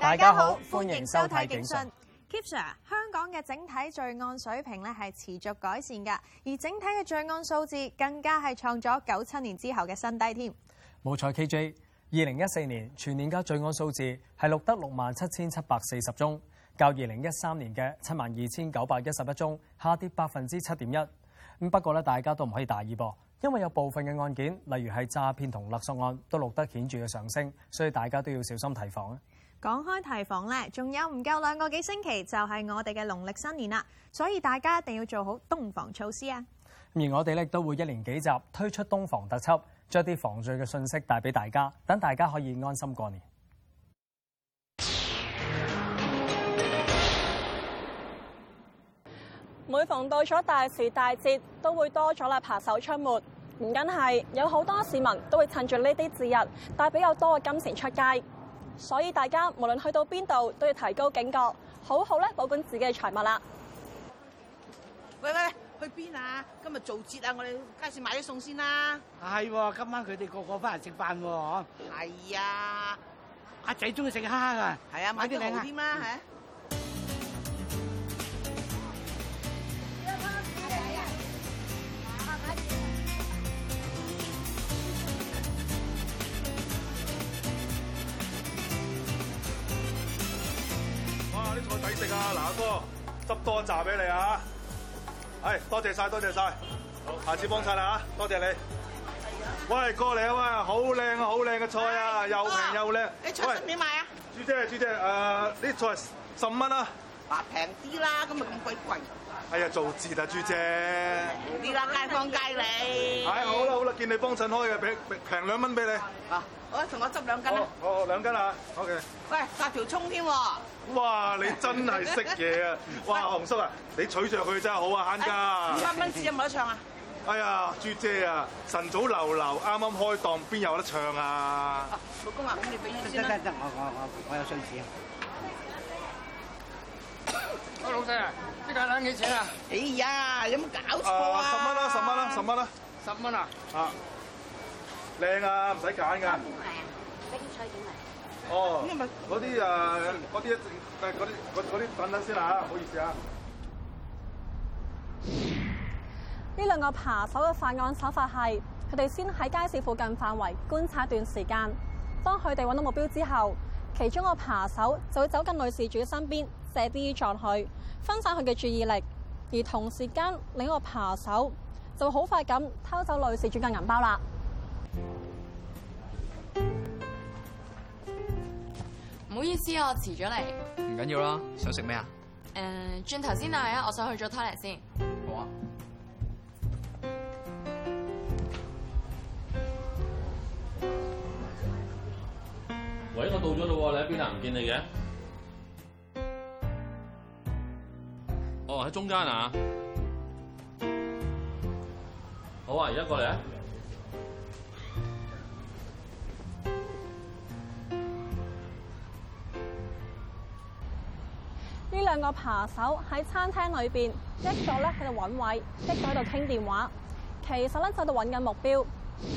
大家好，歡迎收睇《警訊》。Kip Sir，香港嘅整體罪案水平咧係持續改善噶，而整體嘅罪案數字更加係創咗九七年之後嘅新低添。冇錯，KJ。二零一四年全年嘅罪案數字係錄得六萬七千七百四十宗，較二零一三年嘅七萬二千九百一十一宗下跌百分之七點一。不過咧，大家都唔可以大意噃，因為有部分嘅案件，例如係詐騙同勒索案，都錄得顯著嘅上升，所以大家都要小心提防啊！講開提防咧，仲有唔夠兩個幾星期就係我哋嘅農曆新年啦，所以大家一定要做好冬防措施啊！而我哋咧都會一連幾集推出冬防特輯。將啲防罪嘅信息帶俾大家，等大家可以安心過年。每逢到咗大時大節，都會多咗喇扒手出沒。唔緊係，有好多市民都會趁住呢啲節日帶比較多嘅金錢出街，所以大家無論去到邊度都要提高警覺，好好咧保管自己嘅財物啦。喂喂。去邊啊？今日做節啊！我哋街市買啲餸先啦。係，今晚佢哋個個翻嚟食飯喎。係啊，阿仔中意食蝦噶，係啊，買啲靚蝦添啦。嚇！哇！啲菜抵食啊！嗱，阿哥執多一紮俾你啊！係多謝晒，多謝晒，好，下次幫襯啦吓，多謝，謝你喂。喂，過嚟啊喂，好靚喂啊，好靚嘅菜啊，又平又靚。你菜點賣啊？小姐，小姐，誒、呃，呢、這個、菜十蚊啊。話平啲啦，咁咪咁鬼貴。哎呀，做字啊，朱姐。你拉街坊街里你。係好啦好啦，見你幫襯開嘅，俾俾平兩蚊俾你。啊，我同我執兩斤啦。好，兩斤啦。OK。喂，發條葱添喎。哇，你真係識嘢啊！哇，紅叔啊，你取上去真係好啊，慳家。五蚊紙有冇得唱啊？哎呀，朱姐啊，晨早流流啱啱開檔，邊有得唱啊？老公啊，咁你俾一蚊先啦。得得得，我我我我有信紙。阿老細啊，即間蛋幾錢啊？哎呀，有冇搞錯、呃、啊？十蚊啦、啊，十蚊啦、啊，十蚊啦。十蚊啊？啊，靚啊，唔使揀噶。蛋菜點嚟？哦，嗰啲啊，嗰啲誒，啲啲，等、呃、等先啦，吓，唔好意思啊。呢兩個扒手嘅犯案手法係，佢哋先喺街市附近範圍觀察一段時間。當佢哋搵到目標之後，其中個扒手就會走近女事主嘅身邊。射啲撞去，分散佢嘅注意力，而同時間另一個扒手就會好快咁偷走女事主嘅銀包啦。唔好意思啊，我遲咗嚟。唔緊要啦，想食咩啊？誒、呃，轉頭先嗌啊，我想去咗 toilet 先。好啊。喂，我到咗啦，你喺邊啊？唔見你嘅。喺中間啊！好啊，而家過嚟啊！兩呢兩個扒手喺餐廳裏邊，一個咧喺度揾位，一個喺度傾電話。其實咧就喺度揾緊目標。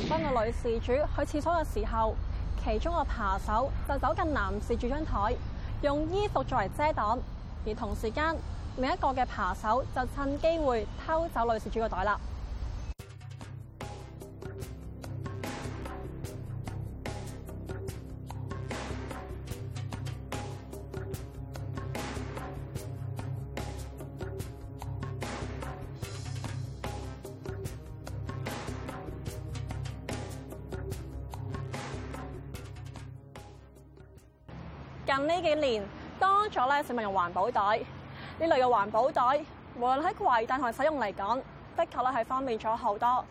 當個女事主去廁所嘅時候，其中個扒手就走近男事主張台，用衣服作為遮擋，而同時間。另一個嘅扒手就趁機會偷走女事主個袋啦。近呢幾年多咗咧，市民用環保袋。呢類嘅環保袋，無論喺攜帶同使用嚟講，的確咧係方便咗好多。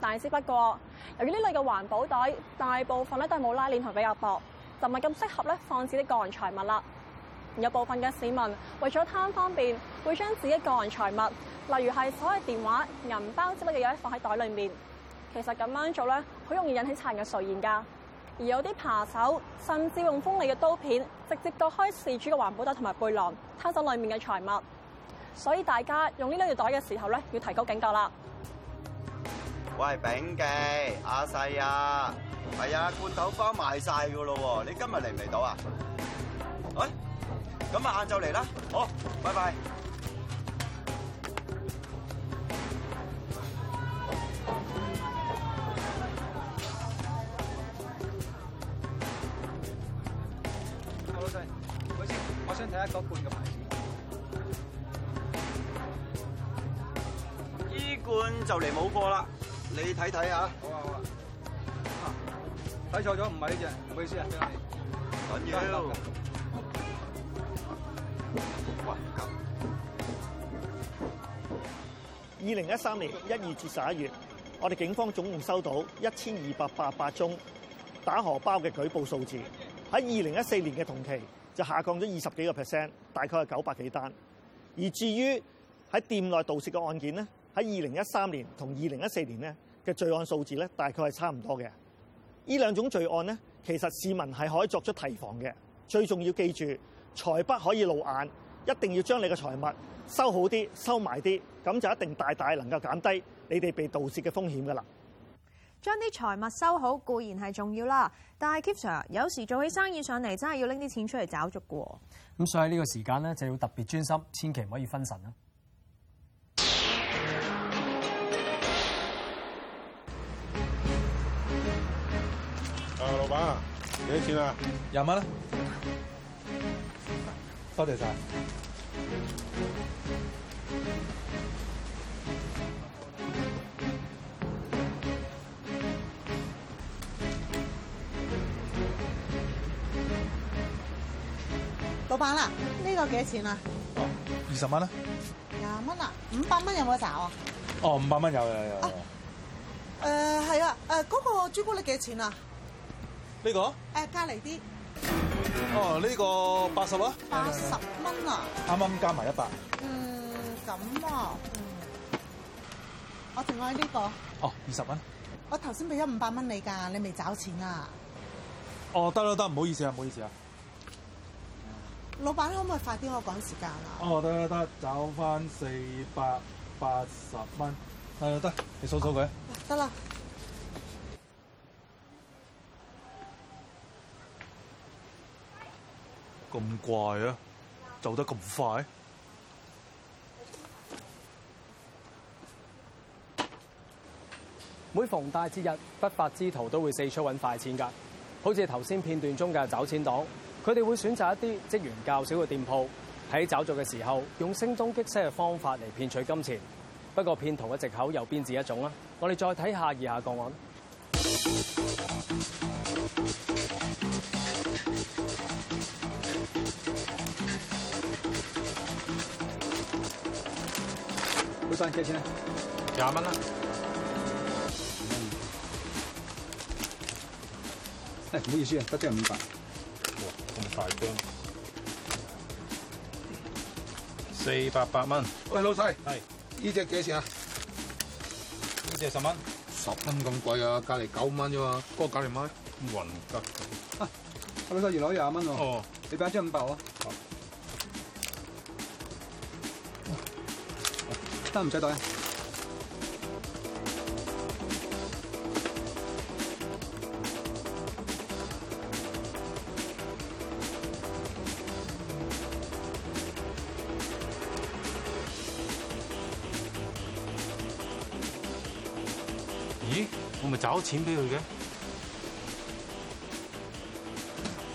但只不過，由於呢類嘅環保袋大部分咧都係冇拉鏈同比較薄，就唔係咁適合咧放置啲個人財物啦。有部分嘅市民為咗貪方便，會將自己個人財物，例如係所謂嘅電話、銀包之類嘅嘢放喺袋裏面。其實咁樣做咧，好容易引起賊人嘅垂涎噶。而有啲扒手甚至用鋒利嘅刀片直接割開事主嘅環保袋同埋背囊，偷走裏面嘅財物。所以大家用呢兩類袋嘅時候咧，要提高警覺啦。喂，炳記，阿細啊，係、哎、啊，罐頭包賣晒噶咯，你今日嚟唔嚟到啊？喂、哎，咁啊，晏晝嚟啦，好，拜拜。唔該先，我想睇一個罐嘅牌子。呢罐就嚟冇貨啦，你睇睇嚇。好啊好啊，睇錯咗唔係呢隻，唔好意思啊。緊要。二零一三年一月至十一月，我哋警方總共收到一千二百八十八宗打荷包嘅舉報數字。喺二零一四年嘅同期就下降咗二十幾個 percent，大概係九百幾單。而至於喺店內盜竊嘅案件咧，喺二零一三年同二零一四年咧嘅罪案數字咧，大概係差唔多嘅。呢兩種罪案咧，其實市民係可以作出提防嘅。最重要記住，財不可以露眼，一定要將你嘅財物收好啲、收埋啲，咁就一定大大能夠減低你哋被盜竊嘅風險噶啦。將啲財物收好固然係重要啦，但係 Keep Sir，有時做起生意上嚟真係要拎啲錢出嚟找續嘅。咁所以呢個時間咧就要特別專心，千祈唔可以分神啊！啊，老闆啊，幾多錢啊？廿蚊啦，多謝晒。嗯辦啦，呢、啊，這個幾錢啊？二十蚊啊？廿蚊。哦、啊？五百蚊有冇找啊？哦、呃，五百蚊有有有。誒、呃，係啊，誒，嗰個朱古力幾錢啊？呢、這個？誒、呃，隔籬啲。哦，呢、這個八十啊？八十蚊啊？啱啱加埋一百。嗯，咁啊。嗯。我淨愛呢個。哦，二十蚊。我頭先俾咗五百蚊你噶，你未找錢啊？哦，得啦得，唔好意思啊，唔好意思啊。老闆你可唔可以快啲？我趕時間啊！哦，得得得，找翻四百八十蚊，誒、嗯、得，你數數佢。得啦。咁怪啊！走得咁快。每逢大節日，不法之徒都會四出揾快錢㗎，好似頭先片段中嘅找錢黨。佢哋會選擇一啲職員較少嘅店鋪，喺找做嘅時候用聲東擊西嘅方法嚟騙取金錢。不過騙徒嘅藉口又邊止一種啦。我哋再睇下以下個案。會長，幾錢？廿蚊啦。誒，唔好意思啊，得即係五百。大姜，四百八蚊。喂，老細，係呢隻幾錢啊？好似係十蚊。十蚊咁貴啊？隔籬九蚊啫嘛。嗰個隔籬買？運吉。吓，阿老細，原來廿蚊喎。哦，你擺張五百咯。得唔使袋？找錢俾佢嘅，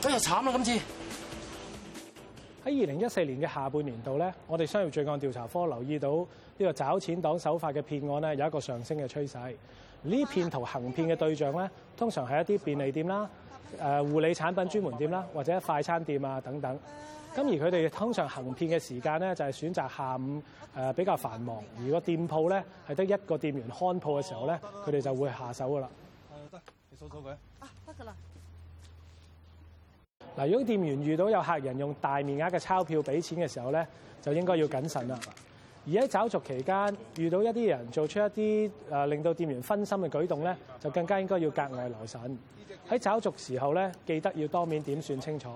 哎呀，慘啦今次！喺二零一四年嘅下半年度咧，我哋商業罪案調查科留意到呢個找錢黨手法嘅騙案咧，有一個上升嘅趨勢。呢騙徒行騙嘅對象咧，通常係一啲便利店啦、誒護理產品專門店啦，或者快餐店啊等等。咁而佢哋通常行騙嘅時間咧，就係選擇下午誒、呃、比較繁忙，如果店鋪咧係得一個店員看鋪嘅時候咧，佢哋、哦、就會下手噶啦。誒得、哦，你數數佢啊。啊，得噶啦。嗱，如果店員遇到有客人用大面額嘅鈔票俾錢嘅時候咧，就應該要謹慎啦。而喺找續期間遇到一啲人做出一啲誒、呃、令到店員分心嘅舉動咧，就更加應該要格外留神。喺找續時候咧，記得要當面點算清楚。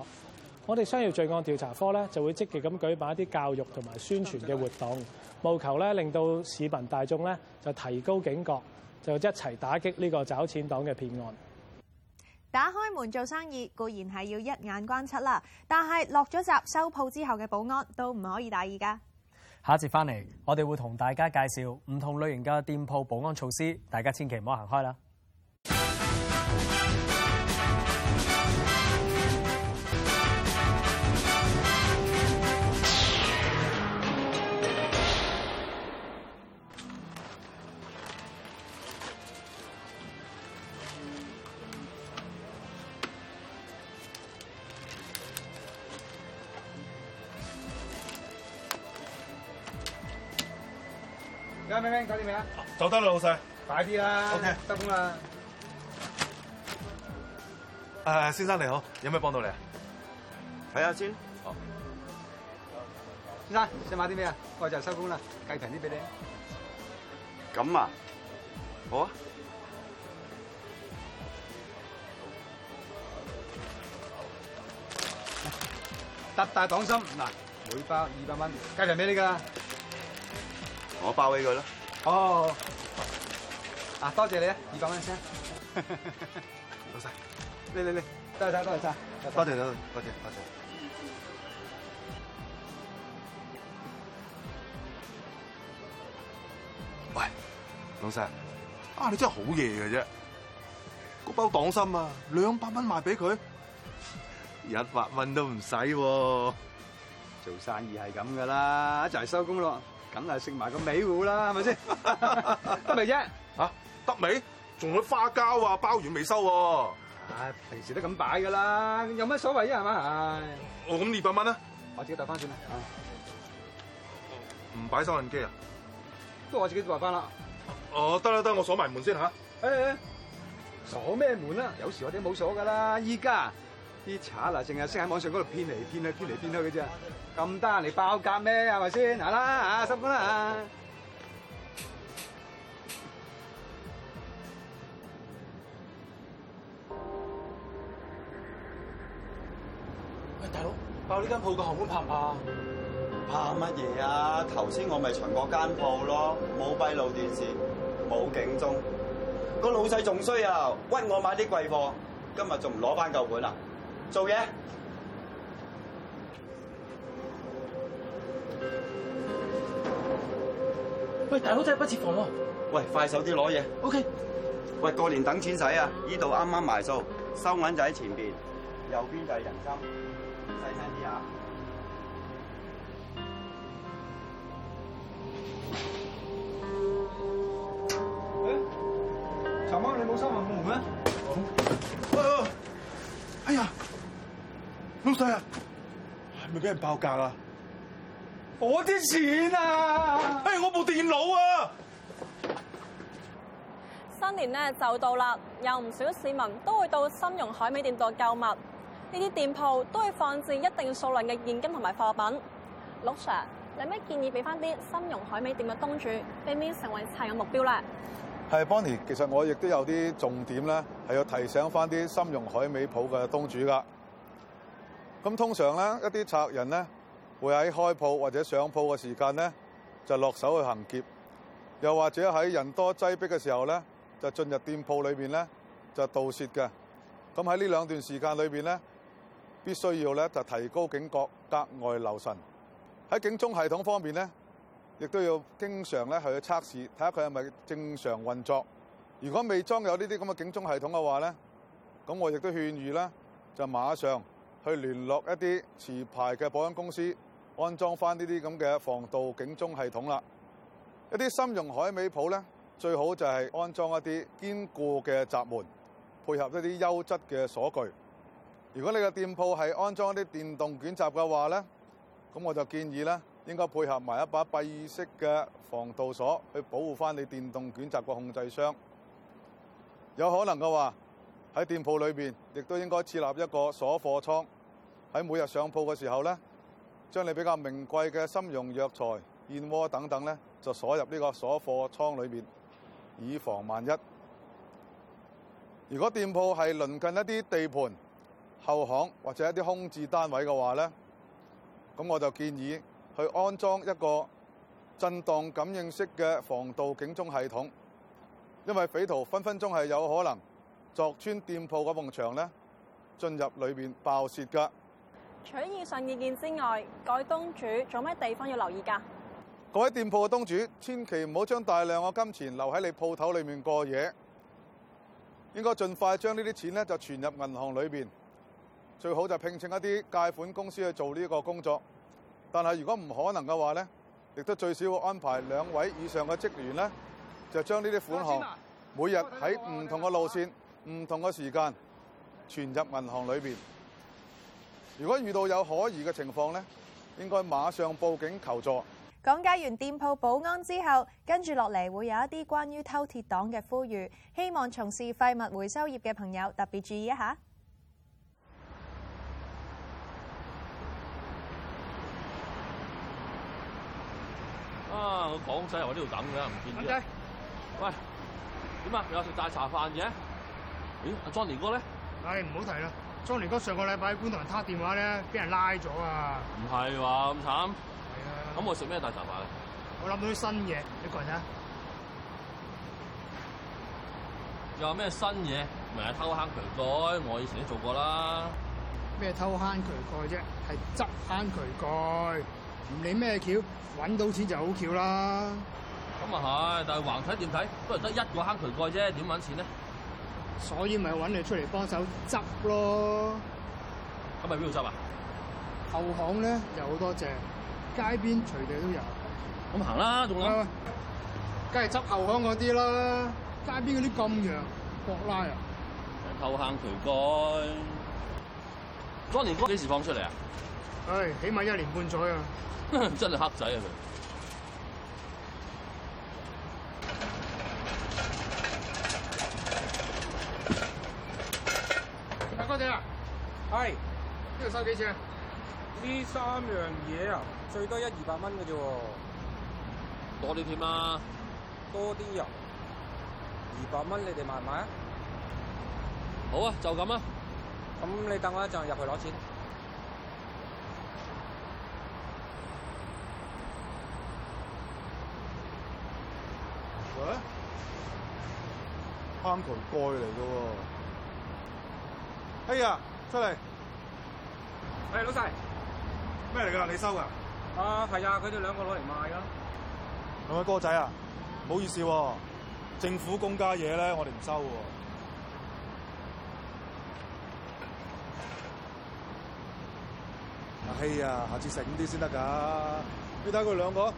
我哋商業罪案調查科咧，就會積極咁舉辦一啲教育同埋宣傳嘅活動，務求咧令到市民大眾咧就提高警覺，就一齊打擊呢個找錢黨嘅騙案。打開門做生意固然係要一眼關七啦，但係落咗閘收鋪之後嘅保安都唔可以大意㗎。下一節返嚟，我哋會同大家介紹唔同類型嘅店鋪保安措施，大家千祈唔好行開啦。就得啦，老細、啊，快啲啊，O K，收工啦。誒，uh, 先生你好，有咩幫到你啊？睇下先。哦，先生，哦、先生想買啲咩啊？我就收工啦，計平啲俾你。咁啊，好啊。特、啊、大黨心嗱，每包二百蚊，計平啲俾你噶？我包起佢啦。哦，嗱、oh, okay. ah,，多謝你啊，二百蚊先。老細，嚟嚟嚟，多謝晒，多謝晒，多謝多謝，多謝多謝。喂，老細，啊，你真係好夜嘅啫，嗰包黨心啊，兩百蚊賣俾佢，一百蚊都唔使喎，做生意係咁噶啦，一齊收工咯。梗係食埋個尾糊啦，係咪先？得咪啫，嚇得味？仲有花膠啊，鮑魚未收喎。唉，平時都咁擺噶啦，有咩所謂啊？係嘛？哦，咁二百蚊咧，我自己帶翻算啦。唔擺收銀機啊，不過我自己帶翻啦。哦、啊，得啦得，我鎖埋門先嚇。誒、啊哎，鎖咩門啊？有時我哋都冇鎖噶啦，依家。啲賊嗱，淨係識喺網上嗰度騙嚟騙去，騙嚟騙去嘅啫，咁得閒嚟爆格咩？係咪先？嗱啦，嚇，十分啦。喂，大佬，爆呢間鋪個後門拍拍怕唔怕？怕乜嘢啊？頭先我咪巡過間鋪咯，冇閉路電視，冇警鐘，個老細仲衰啊，屈我買啲貴貨，今日仲唔攞翻舊本啊？做嘢，喂，大佬真係不設防喎！喂，快手啲攞嘢，OK。喂，過年等錢使啊！呢度啱啱埋數，收銀就喺前邊，右邊就係人蔘，細聲啲啊！哎，長毛你冇收收埋門啊！哦，哎呀！老細啊，係咪俾人爆格啦？我啲錢啊！哎，我部電腦啊！新年咧就到啦，有唔少市民都會到參茸海味店度購物。呢啲店鋪都會放置一定數量嘅現金同埋貨品。陸 Sir，有咩建議俾翻啲參茸海味店嘅東主，避免成為賊嘅目標咧？係 Bonnie，其實我亦都有啲重點咧，係要提醒翻啲參茸海味舖嘅東主噶。咁通常咧，一啲賊人咧會喺開鋪或者上鋪嘅時間咧就落手去行劫，又或者喺人多擠逼嘅時候咧就進入店鋪裏邊咧就盜竊嘅。咁喺呢兩段時間裏邊咧，必須要咧就提高警覺，格外留神。喺警鐘系統方面咧，亦都要經常咧係去測試，睇下佢係咪正常運作。如果未裝有呢啲咁嘅警鐘系統嘅話咧，咁我亦都勸喻咧就馬上。去聯絡一啲持牌嘅保安公司，安裝翻呢啲咁嘅防盜警鐘系統啦。一啲參茸海味鋪呢，最好就係安裝一啲堅固嘅閘門，配合一啲優質嘅鎖具。如果你嘅店鋪係安裝一啲電動捲閘嘅話呢，咁我就建議呢應該配合埋一把閉式嘅防盜鎖去保護翻你電動捲閘嘅控制箱。有可能嘅話，喺店鋪裏邊亦都應該設立一個鎖貨倉。喺每日上鋪嘅時候咧，將你比較名貴嘅參茸藥材、燕窩等等咧，就鎖入呢個鎖貨倉裏面，以防萬一。如果店鋪係鄰近一啲地盤、後巷或者一啲空置單位嘅話咧，咁我就建議去安裝一個震盪感應式嘅防盜警鐘系統，因為匪徒分分鐘係有可能鑿穿店鋪埲牆咧，進入裏面爆竊噶。除以上意見之外，各位東主仲有咩地方要留意噶？各位店鋪嘅東主，千祈唔好將大量嘅金錢留喺你鋪頭裏面過夜，應該盡快將呢啲錢咧就存入銀行裏邊，最好就聘請一啲解款公司去做呢個工作。但係如果唔可能嘅話咧，亦都最少會安排兩位以上嘅職員咧，就將呢啲款項每日喺唔同嘅路線、唔同嘅時間存入銀行裏邊。如果遇到有可疑嘅情況咧，應該馬上報警求助。講解完店鋪保安之後，跟住落嚟會有一啲關於偷鐵黨嘅呼籲，希望從事廢物回收業嘅朋友特別注意一下。啊，港仔，我喺呢度等嘅，唔見咗。Okay. 喂，點啊？有食大茶飯嘅？咦，阿 Johnny 哥咧？唉、哎，唔好提啦。Sony 哥上個禮拜喺觀塘人撻電話咧，俾人拉咗啊！唔係話咁慘，係啊，咁我食咩大茶飯？我諗到啲新嘢，你睇下。又咩新嘢？咪係偷坑渠蓋，我以前都做過啦。咩偷坑渠蓋啫？係執坑渠蓋，唔理咩橋，揾到錢就好橋啦。咁啊係，但係橫睇掂睇，都係得一個坑渠蓋啫，點揾錢咧？所以咪揾你出嚟幫手執咯。咁係邊度執啊？後巷咧有好多隻，街邊隨地都有。咁行啦，仲講。梗係執後巷嗰啲啦，街邊嗰啲咁羊、博拉啊，後坑渠蓋。當年光幾時放出嚟啊？唉、哎，起碼一年半載啊。 真係黑仔啊！佢。收錢呢三樣嘢啊，最多一二百蚊嘅啫喎。多啲添啊！多啲入。二百蚊你哋買唔買啊？好啊，就咁啊。咁你等我一陣入去攞錢。喂，坑渠蓋嚟嘅喎。哎呀，出嚟！喂，老細，咩嚟噶？你收噶？啊，係啊，佢哋兩個攞嚟賣噶。係咪哥仔啊？唔好意思、啊，政府公家嘢咧、啊，我哋唔收。阿希啊，下次醒啲先得噶。你睇佢兩個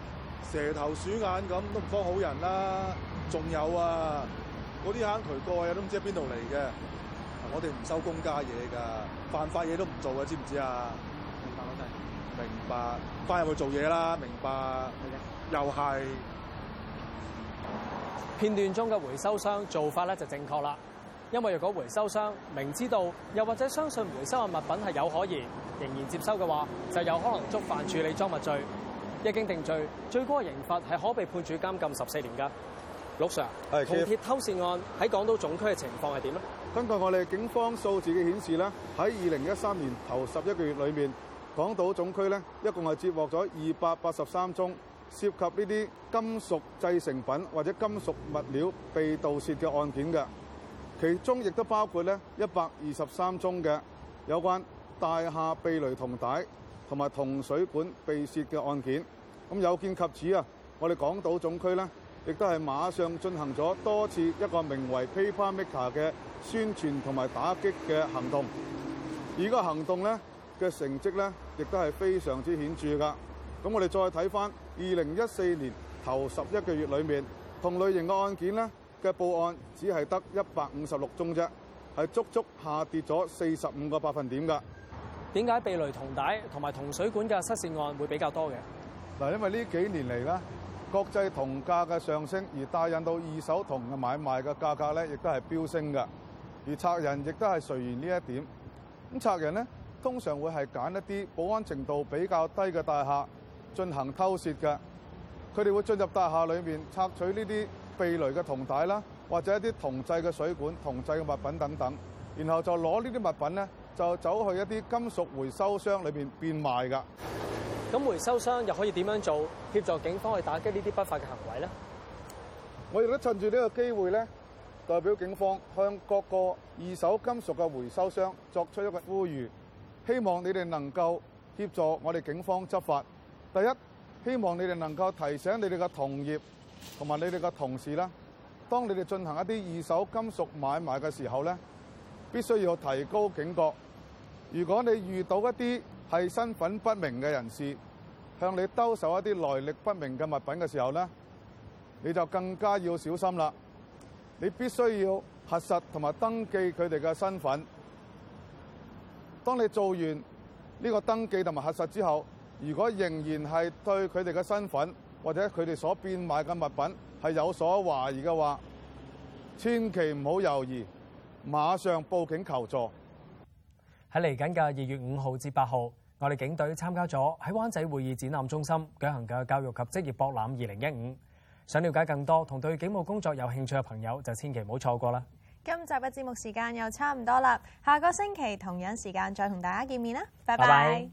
蛇頭鼠眼咁，都唔方好人啦、啊。仲有啊，嗰啲坑渠蓋啊，都唔知喺邊度嚟嘅。我哋唔收公家嘢噶，犯法嘢都唔做㗎，知唔知啊白？明白，老細的。明白是，翻入去做嘢啦。明白。係嘅。又係片段中嘅回收商做法咧，就正確啦。因為若果回收商明知道，又或者相信回收嘅物品係有可疑，仍然接收嘅話，就有可能觸犯處理贓物罪。一、嗯、經定罪，最高刑罰係可被判處監禁十四年。噶，陸 Sir 同鐵偷竊案喺港島總區嘅情況係點咧？根據我哋警方數字嘅顯示咧，喺二零一三年頭十一個月裏面，港島總區咧一共係接獲咗二百八十三宗涉及呢啲金屬製成品或者金屬物料被盜竊嘅案件嘅，其中亦都包括咧一百二十三宗嘅有關大廈避雷銅帶同埋銅水管被竊嘅案件。咁有見及此啊，我哋港島總區咧。亦都係馬上進行咗多次一個名為 Pepamita 嘅宣傳同埋打擊嘅行動，而個行動咧嘅成績咧，亦都係非常之顯著㗎。咁我哋再睇翻二零一四年頭十一個月裏面，同類型嘅案件咧嘅報案只係得一百五十六宗啫，係足足下跌咗四十五個百分點㗎。點解避雷銅帶同埋銅水管嘅失竊案會比較多嘅？嗱，因為呢幾年嚟咧。國際銅價嘅上升，而帶引到二手銅嘅買賣嘅價格咧，亦都係飆升㗎。而賊人亦都係垂涎呢一點。咁賊人呢通常會係揀一啲保安程度比較低嘅大廈進行偷竊嘅。佢哋會進入大廈裏面拆取呢啲避雷嘅銅帶啦，或者一啲銅製嘅水管、銅製嘅物品等等，然後就攞呢啲物品呢，就走去一啲金屬回收箱裏面變賣㗎。咁回收商又可以點樣做協助警方去打擊呢啲不法嘅行為咧？我亦都趁住呢個機會咧，代表警方向各個二手金屬嘅回收商作出一個呼籲，希望你哋能夠協助我哋警方執法。第一，希望你哋能夠提醒你哋嘅同業同埋你哋嘅同事啦，當你哋進行一啲二手金屬買賣嘅時候咧，必須要提高警覺，如果你遇到一啲係身份不明嘅人士向你兜售一啲來歷不明嘅物品嘅時候咧，你就更加要小心啦。你必須要核實同埋登記佢哋嘅身份。當你做完呢個登記同埋核實之後，如果仍然係對佢哋嘅身份或者佢哋所變賣嘅物品係有所懷疑嘅話，千祈唔好猶豫，馬上報警求助。喺嚟緊嘅二月五號至八號，我哋警隊參加咗喺灣仔會議展覽中心舉行嘅教育及職業博覽二零一五，想了解更多同對警務工作有興趣嘅朋友，就千祈唔好錯過啦。今集嘅節目時間又差唔多啦，下個星期同樣時間再同大家見面啦，拜拜。